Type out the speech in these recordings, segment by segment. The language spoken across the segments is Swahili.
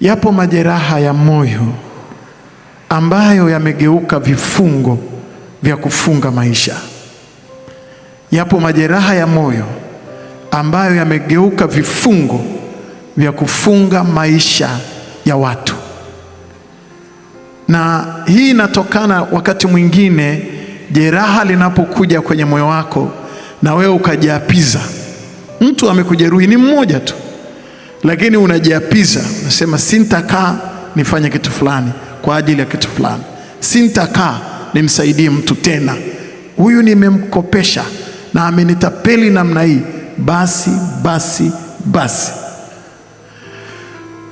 Yapo majeraha ya moyo ambayo yamegeuka vifungo vya kufunga maisha. Yapo majeraha ya moyo ambayo yamegeuka vifungo vya kufunga maisha ya watu, na hii inatokana wakati mwingine, jeraha linapokuja kwenye moyo wako na wewe ukajiapiza. Mtu amekujeruhi ni mmoja tu lakini unajiapiza, unasema sintakaa nifanye kitu fulani kwa ajili ya kitu fulani, sintakaa nimsaidie mtu tena, huyu nimemkopesha na amenitapeli namna hii, basi basi basi,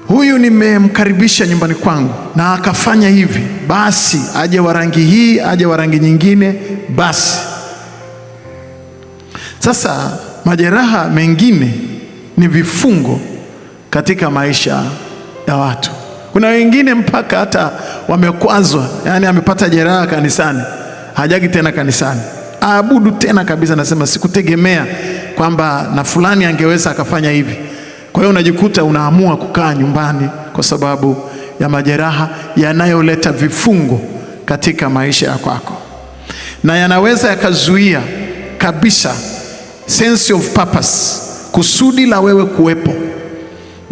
huyu nimemkaribisha nyumbani kwangu na akafanya hivi, basi aje wa rangi hii, aje wa rangi nyingine, basi. Sasa majeraha mengine ni vifungo katika maisha ya watu. Kuna wengine mpaka hata wamekwazwa, yaani amepata jeraha kanisani, hajagi tena kanisani, aabudu tena kabisa. Nasema sikutegemea kwamba na fulani angeweza akafanya hivi. Kwa hiyo unajikuta unaamua kukaa nyumbani kwa sababu ya majeraha yanayoleta vifungo katika maisha ya kwako, na yanaweza yakazuia kabisa sense of purpose, kusudi la wewe kuwepo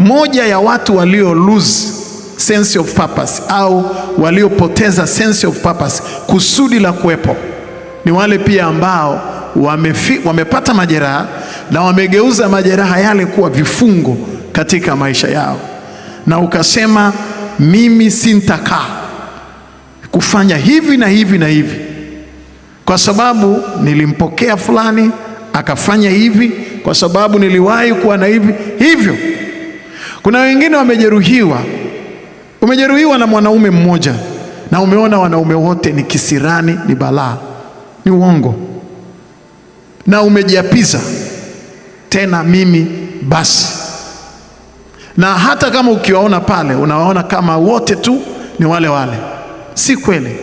moja ya watu walio lose sense of purpose au waliopoteza sense of purpose, kusudi la kuwepo, ni wale pia ambao wamefi, wamepata majeraha na wamegeuza majeraha yale kuwa vifungo katika maisha yao, na ukasema mimi sintakaa kufanya hivi na hivi na hivi, kwa sababu nilimpokea fulani akafanya hivi, kwa sababu niliwahi kuwa na hivi hivyo kuna wengine wamejeruhiwa, umejeruhiwa na mwanaume mmoja na umeona wanaume wote ni kisirani, ni balaa, ni uongo, na umejiapiza tena, mimi basi. Na hata kama ukiwaona pale, unawaona kama wote tu ni wale wale. Si kweli.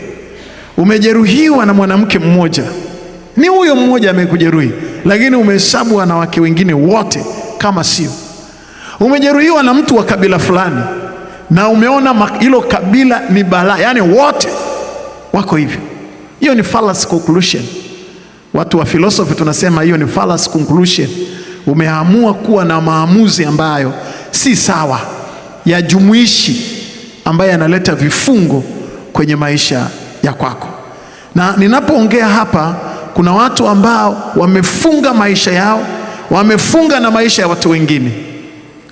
Umejeruhiwa na mwanamke mmoja, ni huyo mmoja amekujeruhi, lakini umehesabu wanawake wengine wote kama sio Umejeruhiwa na mtu wa kabila fulani na umeona hilo kabila ni balaa, yaani wote wako hivyo. Hiyo ni fallacy conclusion. Watu wa philosophy tunasema hiyo ni fallacy conclusion. Umeamua kuwa na maamuzi ambayo si sawa ya jumuishi ambaye analeta vifungo kwenye maisha ya kwako. Na ninapoongea hapa, kuna watu ambao wamefunga maisha yao, wamefunga na maisha ya watu wengine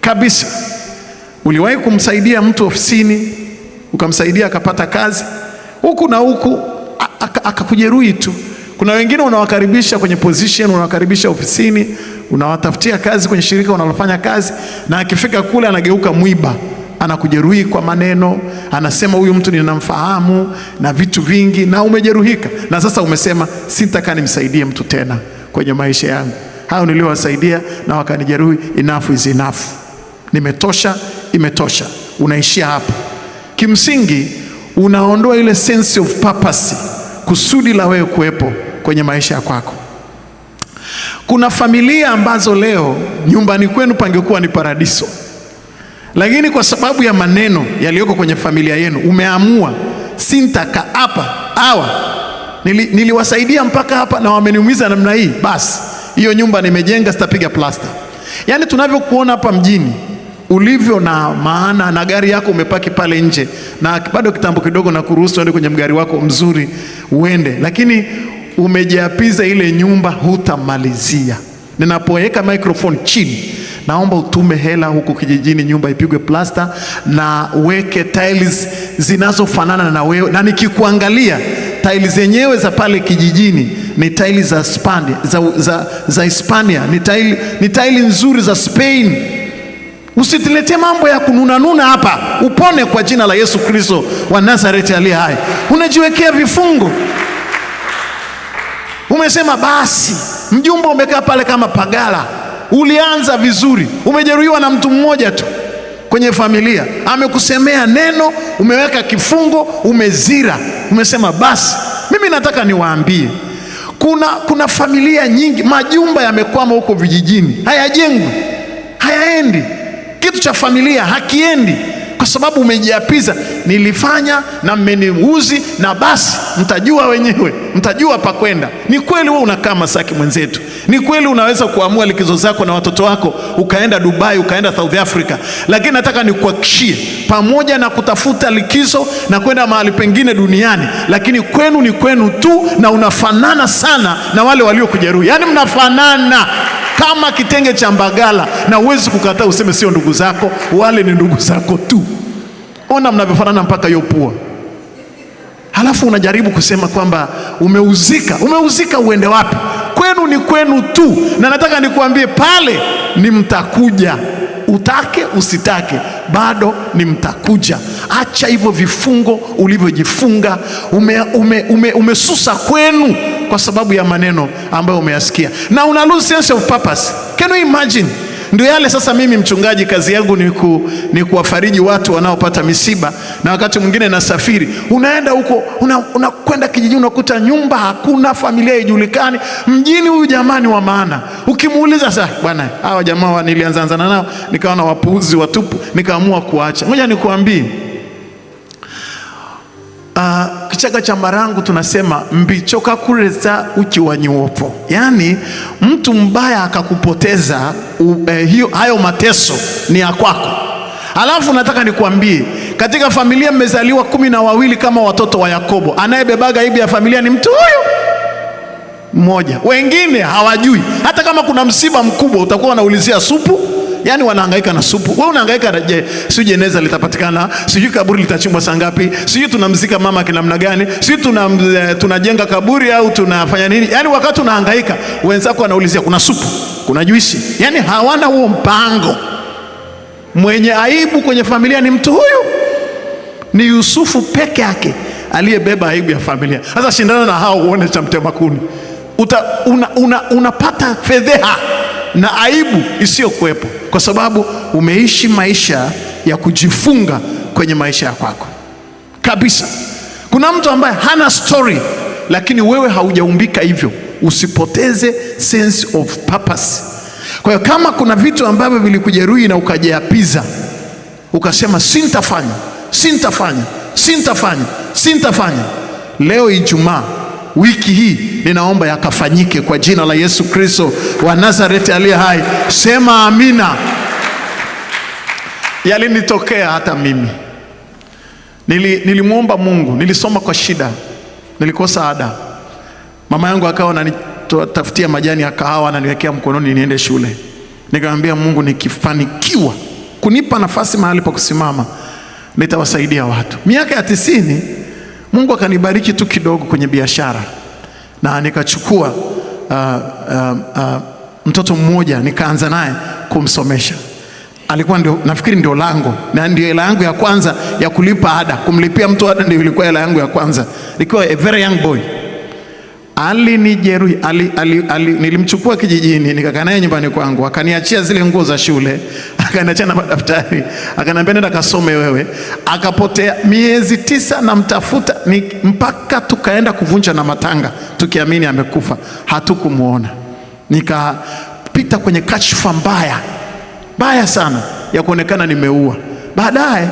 kabisa. Uliwahi kumsaidia mtu ofisini, ukamsaidia akapata kazi huku na huku, akakujeruhi tu. Kuna wengine unawakaribisha kwenye position, unawakaribisha ofisini, unawatafutia kazi kwenye shirika unalofanya kazi, na akifika kule anageuka mwiba, anakujeruhi kwa maneno, anasema huyu mtu ninamfahamu na vitu vingi, na umejeruhika, na sasa umesema sitaka nimsaidie mtu tena kwenye maisha yangu, hao niliowasaidia na wakanijeruhi, enough is enough nimetosha, imetosha, unaishia hapo Kimsingi unaondoa ile sense of purpose, kusudi la wewe kuwepo kwenye maisha ya kwako. Kuna familia ambazo leo nyumbani kwenu pangekuwa ni paradiso, lakini kwa sababu ya maneno yaliyoko kwenye familia yenu umeamua sintaka hapa, nili, niliwasaidia mpaka hapa na wameniumiza namna hii, basi hiyo nyumba nimejenga, sitapiga plasta. Yaani tunavyokuona hapa mjini ulivyo na maana, na gari yako umepaki pale nje, na bado kitambo kidogo na kuruhusu uende kwenye mgari wako mzuri uende, lakini umejiapiza ile nyumba, hutamalizia. Ninapoweka microphone chini, naomba utume hela huku kijijini, nyumba ipigwe plasta na weke tiles zinazofanana na wewe, na nikikuangalia tiles zenyewe za pale kijijini ni tiles za Hispania, za, za, za Hispania ni tiles, ni tiles nzuri za Spain Usituletee mambo ya kununanuna hapa, upone kwa jina la Yesu Kristo wa Nazareti aliye hai. Unajiwekea vifungo, umesema basi. Mjumbe umekaa pale kama pagala, ulianza vizuri, umejeruhiwa na mtu mmoja tu kwenye familia, amekusemea neno, umeweka kifungo, umezira, umesema basi. Mimi nataka niwaambie kuna, kuna familia nyingi, majumba yamekwama huko vijijini, hayajengwi, hayaendi kitu cha familia hakiendi, kwa sababu umejiapiza, nilifanya na mmeniuzi, na basi mtajua wenyewe, mtajua pa kwenda. Ni kweli wewe unakaa Masaki mwenzetu, ni kweli unaweza kuamua likizo zako na watoto wako ukaenda Dubai, ukaenda South Africa, lakini nataka nikuhakikishie, pamoja na kutafuta likizo na kwenda mahali pengine duniani, lakini kwenu ni kwenu tu, na unafanana sana na wale waliokujeruhi, yaani mnafanana kama kitenge cha Mbagala, na uwezi kukataa useme sio ndugu zako, wale ni ndugu zako tu. Ona mnavyofanana mpaka hiyo pua, halafu unajaribu kusema kwamba umeuzika. Umeuzika uende wapi? Kwenu ni kwenu tu, na nataka nikuambie pale ni mtakuja utake usitake, bado ni mtakuja. Acha hivyo vifungo ulivyojifunga umesusa ume, ume, ume kwenu kwa sababu ya maneno ambayo umeyasikia, na una lose sense of purpose. Can you imagine? Ndio yale sasa. Mimi mchungaji, kazi yangu ni, ku, ni kuwafariji watu wanaopata misiba, na wakati mwingine nasafiri, unaenda huko unakwenda una kijijini, unakuta nyumba hakuna, familia haijulikani. Mjini huyu jamaa ni wa maana, ukimuuliza sasa, bwana, hawa jamaa nilianzaanzana nao nikaona wapuuzi watupu, nikaamua kuacha. Ngoja nikuambie uh, Kichaga cha Marangu tunasema mbichoka kureza nyuopo, yaani mtu mbaya akakupoteza eh, hayo mateso ni ya kwako. Alafu nataka nikuambie katika familia mmezaliwa kumi na wawili kama watoto wa Yakobo, anayebebaga aibu ya familia ni mtu huyu mmoja, wengine hawajui. Hata kama kuna msiba mkubwa utakuwa unaulizia supu yaani wanahangaika na supu, wewe unahangaika na je, sijui jeneza litapatikana, sijui kaburi litachimbwa saa ngapi, sijui tunamzika mama kinamna gani, sijui tuna, eh, tunajenga kaburi au tunafanya nini? yaani wakati unahangaika wenzako wanaulizia kuna supu, kuna juisi, yaani hawana huo mpango. Mwenye aibu kwenye familia ni mtu huyu, ni Yusufu peke yake aliyebeba aibu ya familia. Sasa shindana na hao uone cha mtema kuni, unapata una, una fedheha na aibu isiyokuwepo, kwa sababu umeishi maisha ya kujifunga kwenye maisha ya kwako kabisa. Kuna mtu ambaye hana story, lakini wewe haujaumbika hivyo. Usipoteze sense of purpose. Kwa hiyo kama kuna vitu ambavyo vilikujeruhi na ukajiapiza ukasema, sintafanya sintafanya sintafanya sintafanya, leo Ijumaa wiki hii ninaomba yakafanyike kwa jina la Yesu Kristo wa Nazareti aliye hai. Sema amina. Yalinitokea hata mimi nili, nilimwomba Mungu, nilisoma kwa shida, nilikosa ada. Mama yangu akawa ananitafutia majani ya kahawa, ananiwekea mkononi niende shule. Nikamwambia Mungu, nikifanikiwa kunipa nafasi mahali pa kusimama nitawasaidia watu. Miaka ya tisini Mungu akanibariki tu kidogo kwenye biashara na nikachukua uh, uh, uh, mtoto mmoja nikaanza naye kumsomesha. Alikuwa ndio, nafikiri ndio lango na ndio hela yangu ya kwanza ya kulipa ada. Kumlipia mtu ada ndio ilikuwa hela yangu ya kwanza, nikiwa a very young boy alinijeruhi ali, ali, ali, nilimchukua kijijini nikakaa naye nyumbani kwangu, akaniachia zile nguo za shule, akaniachia na madaftari, akaniambia nenda kasome wewe. Akapotea miezi tisa namtafuta ni, mpaka tukaenda kuvunja na matanga tukiamini amekufa, hatukumwona. Nikapita kwenye kashfa mbaya mbaya sana ya kuonekana nimeua baadaye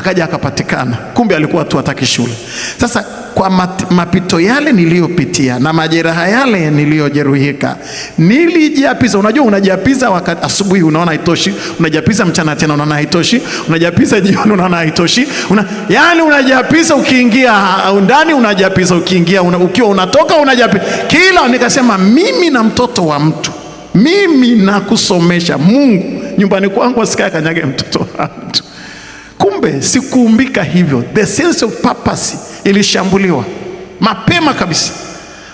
akaja akapatikana, kumbe alikuwa tu hataki shule. Sasa kwa mat, mapito yale niliyopitia na majeraha yale niliyojeruhika, nilijiapiza. Unajua, unajiapiza wakati asubuhi, unaona haitoshi, unajiapiza mchana tena, unaona haitoshi, unajiapiza jioni, unaona haitoshi, una, yani unajiapiza ukiingia ndani, unajiapiza ukiingia una, ukiwa unatoka unajiapiza kila. Nikasema mimi na mtoto wa mtu, mimi nakusomesha Mungu, nyumbani kwangu asikae kanyage mtoto wa mtu Kumbe sikuumbika hivyo. The sense of purpose ilishambuliwa mapema kabisa.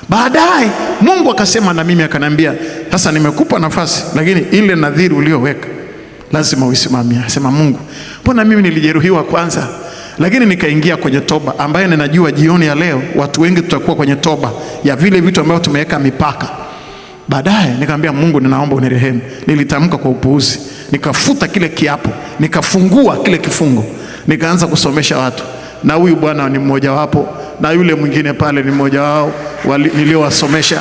Baadaye Mungu akasema na mimi akaniambia, sasa nimekupa nafasi, lakini ile nadhiri uliyoweka lazima uisimamia. Sema Mungu, mbona mimi nilijeruhiwa kwanza, lakini nikaingia kwenye toba, ambayo ninajua jioni ya leo watu wengi tutakuwa kwenye toba ya vile vitu ambavyo tumeweka mipaka Baadaye nikamwambia Mungu, ninaomba unirehemu. Nilitamka kwa upuuzi, nikafuta kile kiapo, nikafungua kile kifungo, nikaanza kusomesha watu, na huyu bwana ni mmojawapo na yule mwingine pale ni mmoja wao niliowasomesha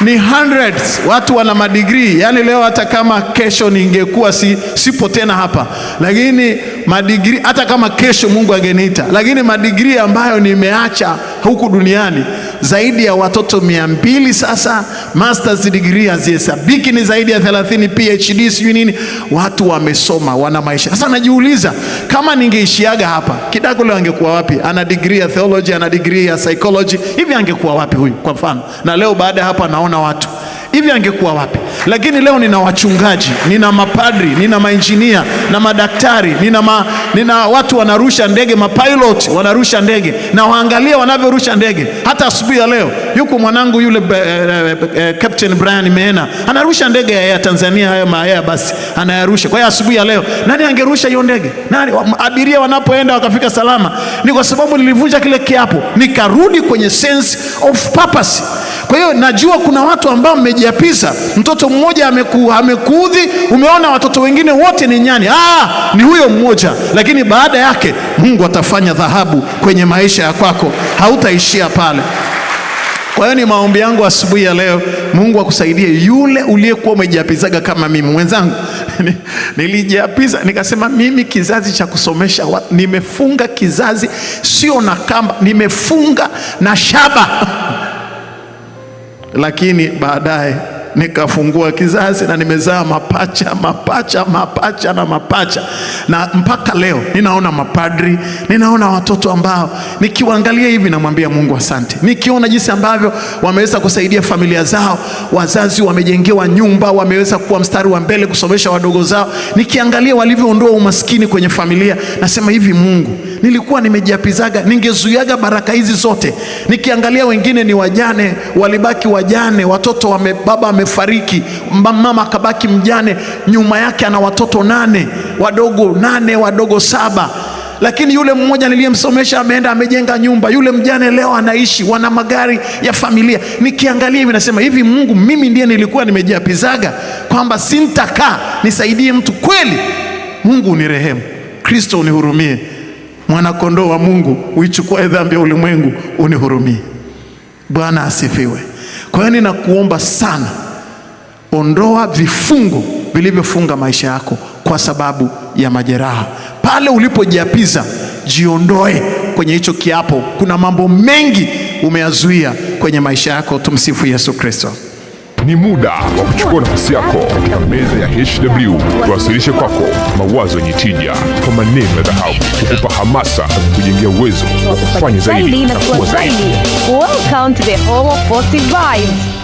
ni hundreds watu wana madigrii. Yani leo hata kama kesho ningekuwa si, sipo tena hapa, lakini madigrii, hata kama kesho Mungu angeniita, lakini madigrii ambayo nimeacha huku duniani zaidi ya watoto mia mbili sasa, masters degree hazihesabiki, ni zaidi ya 30 PhD, sijui nini. Watu wamesoma, wana maisha. Sasa najiuliza kama ningeishiaga hapa, kidako leo angekuwa wapi? Ana degree ya theology, ana degree ya psychology, hivi angekuwa wapi huyu, kwa mfano? Na leo baada ya hapo anaona watu hivi angekuwa wapi? Lakini leo nina wachungaji, nina mapadri, nina mainjinia na madaktari, nina, ma, nina watu wanarusha ndege, mapilot wanarusha ndege na waangalia wanavyorusha ndege. Hata asubuhi ya leo yuko mwanangu yule eh, eh, eh, Captain Brian Meena anarusha ndege ya Air Tanzania, hayo maaya basi anayarusha. Kwa hiyo asubuhi ya leo nani angerusha hiyo ndege? Nani abiria wanapoenda wakafika salama? Ni kwa sababu nilivunja kile kiapo nikarudi kwenye sense of purpose. Kwa hiyo najua kuna watu ambao mmejiapiza, mtoto mmoja ameku, amekuudhi, umeona watoto wengine wote ni nyani. Ah, ni huyo mmoja, lakini baada yake Mungu atafanya dhahabu kwenye maisha ya kwako, hautaishia pale. Kwa hiyo ni maombi yangu asubuhi ya leo, Mungu akusaidie yule uliyekuwa umejiapizaga kama mimi mwenzangu. Nilijiapiza nikasema, mimi kizazi cha kusomesha watu, nimefunga kizazi sio na kamba, nimefunga na shaba lakini baadaye nikafungua kizazi na nimezaa mapacha mapacha mapacha na mapacha, na mpaka leo ninaona mapadri, ninaona watoto ambao nikiwaangalia hivi namwambia Mungu asante, nikiona jinsi ambavyo wameweza kusaidia familia zao, wazazi wamejengewa nyumba, wameweza kuwa mstari wa mbele kusomesha wadogo zao, nikiangalia walivyoondoa umaskini kwenye familia, nasema hivi, Mungu, nilikuwa nimejiapizaga, ningezuiaga baraka hizi zote. Nikiangalia wengine ni wajane, walibaki wajane, watoto wame, baba wame amefariki, mama akabaki mjane, nyuma yake ana watoto nane wadogo nane wadogo saba lakini yule mmoja niliyemsomesha ameenda amejenga nyumba, yule mjane leo anaishi, wana magari ya familia. Nikiangalia hivi nasema hivi, Mungu, mimi ndiye nilikuwa nimejiapizaga kwamba sintakaa nisaidie mtu kweli? Mungu unirehemu, Kristo unihurumie, mwanakondoo wa Mungu uichukue dhambi ya ulimwengu unihurumie. Bwana asifiwe. Kwa hiyo ninakuomba sana Ondoa vifungo vilivyofunga maisha yako kwa sababu ya majeraha. Pale ulipojiapiza, jiondoe kwenye hicho kiapo. Kuna mambo mengi umeyazuia kwenye maisha yako. Tumsifu Yesu Kristo. Ni muda wa kuchukua nafasi yako katika meza ya HW, tuwasilishe kwako mawazo yenye tija kwa maneno ya dhahabu, kukupa hamasa kujengea uwezo wa kufanya zaidi na kuwa zaidi. Welcome to the home of positive vibes.